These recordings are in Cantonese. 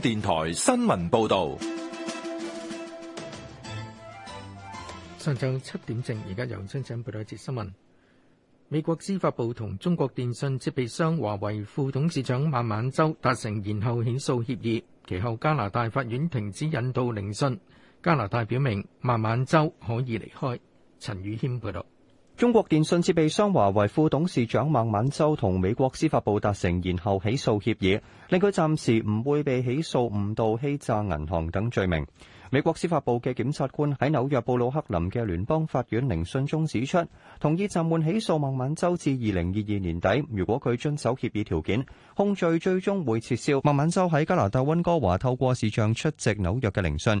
電台新聞報道：上晝七點正，而家由新鮮報道一節新聞。美國司法部同中國電信設備商華為副董事長孟晚舟達成延後起訴協議，其後加拿大法院停止引渡聆訊。加拿大表明孟晚舟可以離開。陳宇謙報道。中國電信設備商華為副董事長孟晚舟同美國司法部達成延後起訴協議，令佢暫時唔會被起訴誤導欺詐銀行等罪名。美國司法部嘅檢察官喺紐約布魯克林嘅聯邦法院聆訊中指出，同意暫緩起訴孟晚舟至二零二二年底，如果佢遵守協議條件，控罪最終會撤銷。孟晚舟喺加拿大溫哥華透過視像出席紐約嘅聆訊。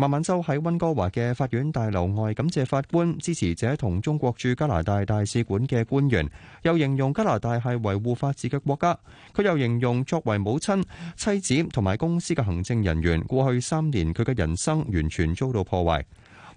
孟晚舟喺溫哥華嘅法院大樓外感謝法官、支持者同中國駐加拿大大使館嘅官員，又形容加拿大係維護法治嘅國家。佢又形容作為母親、妻子同埋公司嘅行政人員，過去三年佢嘅人生完全遭到破壞。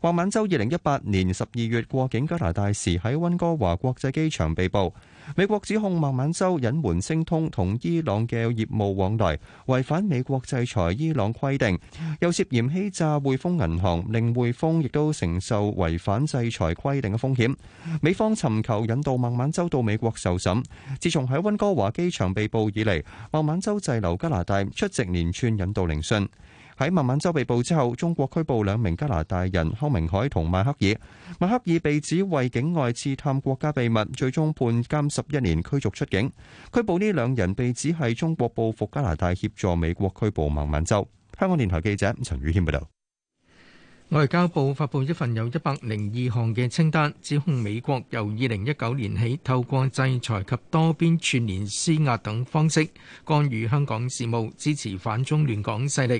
孟晚舟二零一八年十二月過境加拿大時，喺溫哥華國際機場被捕。美國指控孟晚舟隱瞞星通同伊朗嘅業務往來，違反美國制裁伊朗規定，又涉嫌欺詐匯豐銀行，令匯豐亦都承受違反制裁規定嘅風險。美方尋求引渡孟晚舟到美國受審。自從喺溫哥華機場被捕以嚟，孟晚舟滯留加拿大，出席連串引渡聆訊。喺孟晚舟被捕之後，中國拘捕兩名加拿大人康明凱同邁克爾。邁克爾被指為境外刺探國家秘密，最終判監十一年，驅逐出境。拘捕呢兩人被指係中國報復加拿大協助美國拘捕孟晚舟。香港電台記者陳宇謙報導。外交部發布一份有一百零二項嘅清單，指控美國由二零一九年起透過制裁及多邊串聯施壓等方式，干預香港事務，支持反中亂港勢力。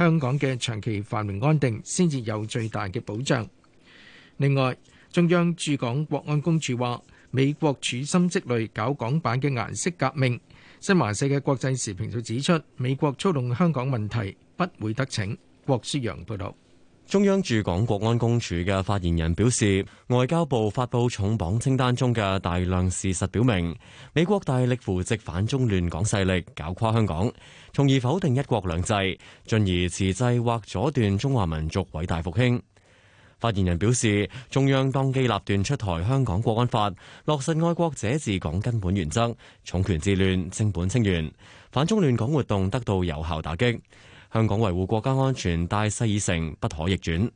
香港嘅長期繁榮安定先至有最大嘅保障。另外，中央駐港國安公署話：美國處心積慮搞港版嘅顏色革命。新華社嘅國際時評就指出，美國操弄香港問題不會得逞。郭樹揚報導。中央駐港國安公署嘅發言人表示，外交部發布重磅清單中嘅大量事實表明，美國大力扶植反中亂港勢力，搞垮香港，從而否定一國兩制，進而遲滯或阻斷中華民族偉大復興。發言人表示，中央當機立斷出台香港國安法，落實愛國者治港根本原則，重拳治亂正本清源，反中亂港活動得到有效打擊。香港維護國家安全大勢已成，不可逆轉。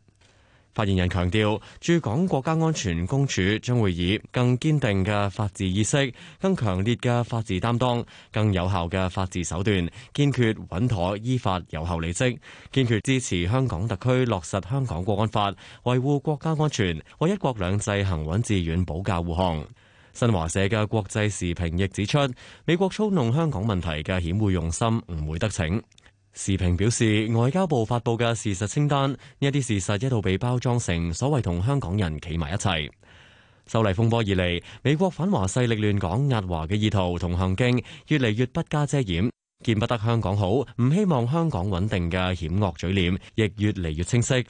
發言人強調，駐港國家安全公署將會以更堅定嘅法治意識、更強烈嘅法治擔當、更有效嘅法治手段，堅決穩妥依法有效履職，堅決支持香港特區落實《香港國安法》，維護國家安全，為一國兩制行穩致遠保駕護航。新華社嘅國際時評亦指出，美國操弄香港問題嘅險惡用心唔會得逞。時評表示，外交部發布嘅事實清單，呢一啲事實一度被包裝成所謂同香港人企埋一齊。修例風波以嚟，美國反華勢力亂港壓華嘅意圖同行徑，越嚟越不加遮掩，見不得香港好，唔希望香港穩定嘅險惡嘴臉，亦越嚟越清晰。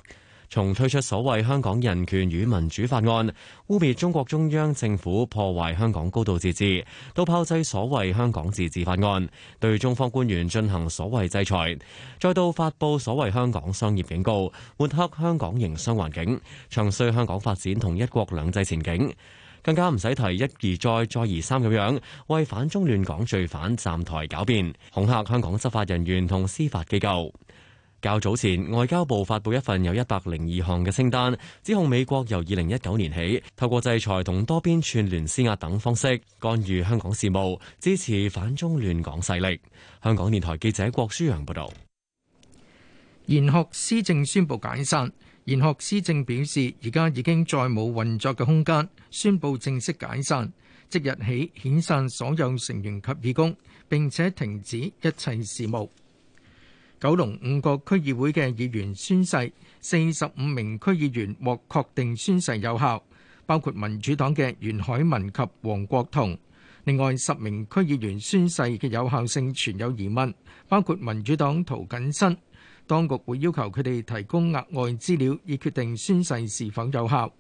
從推出所謂香港人權與民主法案，污蔑中國中央政府破壞香港高度自治，到炮製所謂香港自治法案，對中方官員進行所謂制裁，再到發布所謂香港商業警告，抹黑香港營商環境，唱衰香港發展同一國兩制前景，更加唔使提一而再、再而三咁樣為反中亂港罪犯站台狡辯，恐嚇香港執法人員同司法機構。較早前，外交部發佈一份有一百零二項嘅清單，指控美國由二零一九年起透過制裁同多邊串聯施壓等方式干預香港事務，支持反中亂港勢力。香港電台記者郭舒揚報道。賢學思政宣布解散。賢學思政表示，而家已經再冇運作嘅空間，宣布正式解散，即日起遣散所有成員及義工，並且停止一切事務。九龍五個區議會嘅議員宣誓，四十五名區議員獲確定宣誓有效，包括民主黨嘅袁海文及黃國同。另外十名區議員宣誓嘅有效性存有疑問，包括民主黨涂謹申。當局會要求佢哋提供額外資料，以決定宣誓是否有效。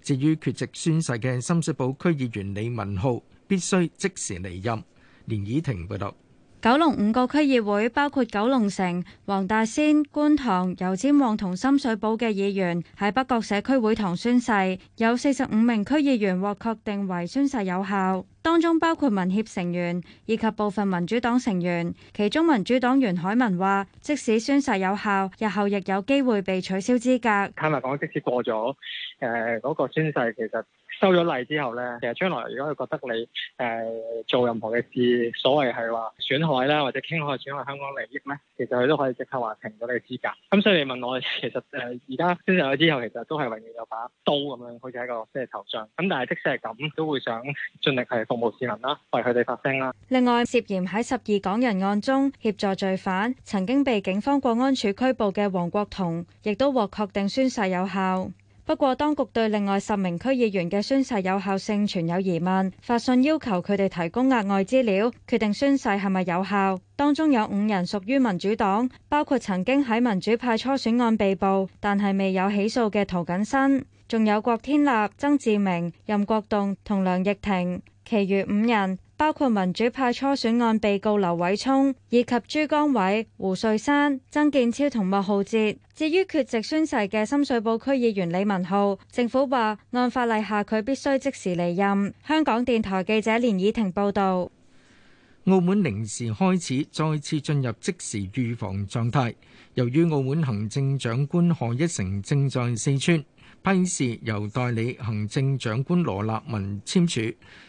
至於缺席宣誓嘅深水埗區議員李文浩，必須即時離任。連以婷報道。九龍五個區議會包括九龍城、黃大仙、觀塘、油尖旺、同深水埗嘅議員喺北角社區會堂宣誓，有四十五名區議員獲確定為宣誓有效，當中包括民協成員以及部分民主黨成員。其中民主黨袁海文話：即使宣誓有效，日後亦有機會被取消資格。坦白講，即使過咗誒嗰個宣誓，其實。收咗例之後咧，其實將來如果佢覺得你誒做任何嘅事，所謂係話損害啦，或者傾害損害香港利益咧，其實佢都可以即刻話停咗你嘅資格。咁所以你問我其實誒而家先上去之後，其實都係永遠有把刀咁樣，好似係一個即係頭上咁。但係即使係咁，都會想盡力係服務市民啦，為佢哋發聲啦。另外，涉嫌喺十二港人案中協助罪犯，曾經被警方國安處拘捕嘅黃國桐，亦都獲確定宣誓有效。不過，當局對另外十名區議員嘅宣誓有效性存有疑問，發信要求佢哋提供額外資料，決定宣誓係咪有效。當中有五人屬於民主黨，包括曾經喺民主派初選案被捕，但係未有起訴嘅涂謹申，仲有郭天立、曾志明、任國棟同梁奕婷。其餘五人包括民主派初選案被告劉偉聰，以及朱江偉、胡瑞山、曾建超同莫浩哲。至於缺席宣誓嘅深水埗區議員李文浩，政府話按法例下佢必須即時離任。香港電台記者連以婷報導。澳門零時開始再次進入即時預防狀態。由於澳門行政長官賀一誠正在四川，批示由代理行政長官羅立文簽署。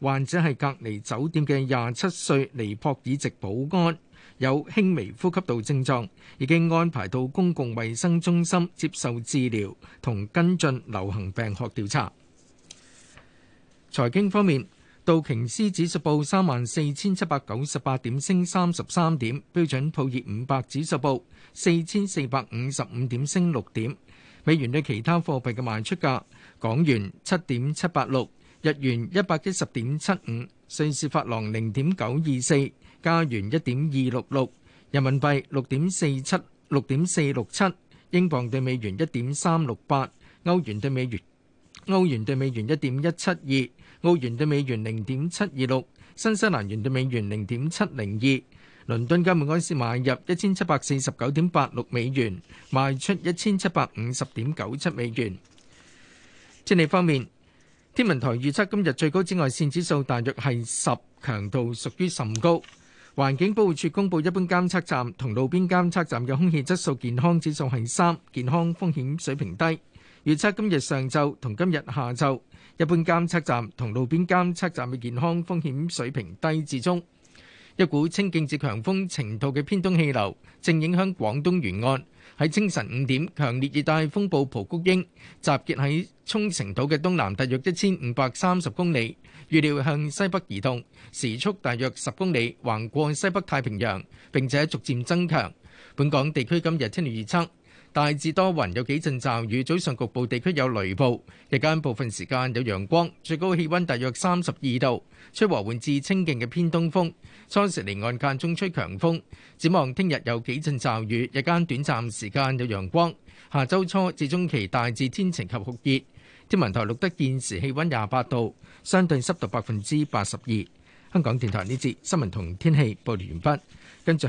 患者係隔離酒店嘅廿七歲尼泊爾籍保安，有輕微呼吸道症狀，已經安排到公共衞生中心接受治療同跟進流行病學調查。財經方面，道瓊斯指數報三萬四千七百九十八點，升三十三點；標準普爾五百指數報四千四百五十五點，升六點。美元對其他貨幣嘅賣出價，港元七點七八六。日元一百一十點七五，瑞士法郎零點九二四，加元一點二六六，人民幣六點四七六點四六七，英鎊兌美元一點三六八，歐元兌美元歐元兌美元一點一七二，澳元兌美元零點七二六，新西蘭元兌美元零點七零二，倫敦金每安士買入一千七百四十九點八六美元，賣出一千七百五十點九七美元。經濟方面。天文台預測今日最高紫外線指數大約係十，強度屬於甚高。環境保護署公布，一般監測站同路邊監測站嘅空氣質素健康指數係三，健康風險水平低。預測今日上晝同今日下晝，一般監測站同路邊監測站嘅健康風險水平低至中。一股清勁至強風程度嘅偏東氣流正影響廣東沿岸。喺清晨五點，強烈熱帶風暴蒲公英集結喺沖繩島嘅東南，大約一千五百三十公里，預料向西北移動，時速大約十公里，橫過西北太平洋，並且逐漸增強。本港地區今日天氣預測。大致多雲，有幾陣驟雨，早上局部地區有雷暴，日間部分時間有陽光，最高氣溫大約三十二度，吹和緩至清勁嘅偏東風，初時離岸間中吹強風。展望聽日有幾陣驟雨，日間短暫時間有陽光。下周初至中期大致天晴及酷熱。天文台錄得現時氣溫廿八度，相對濕度百分之八十二。香港電台呢節新聞同天氣報道完畢，跟住。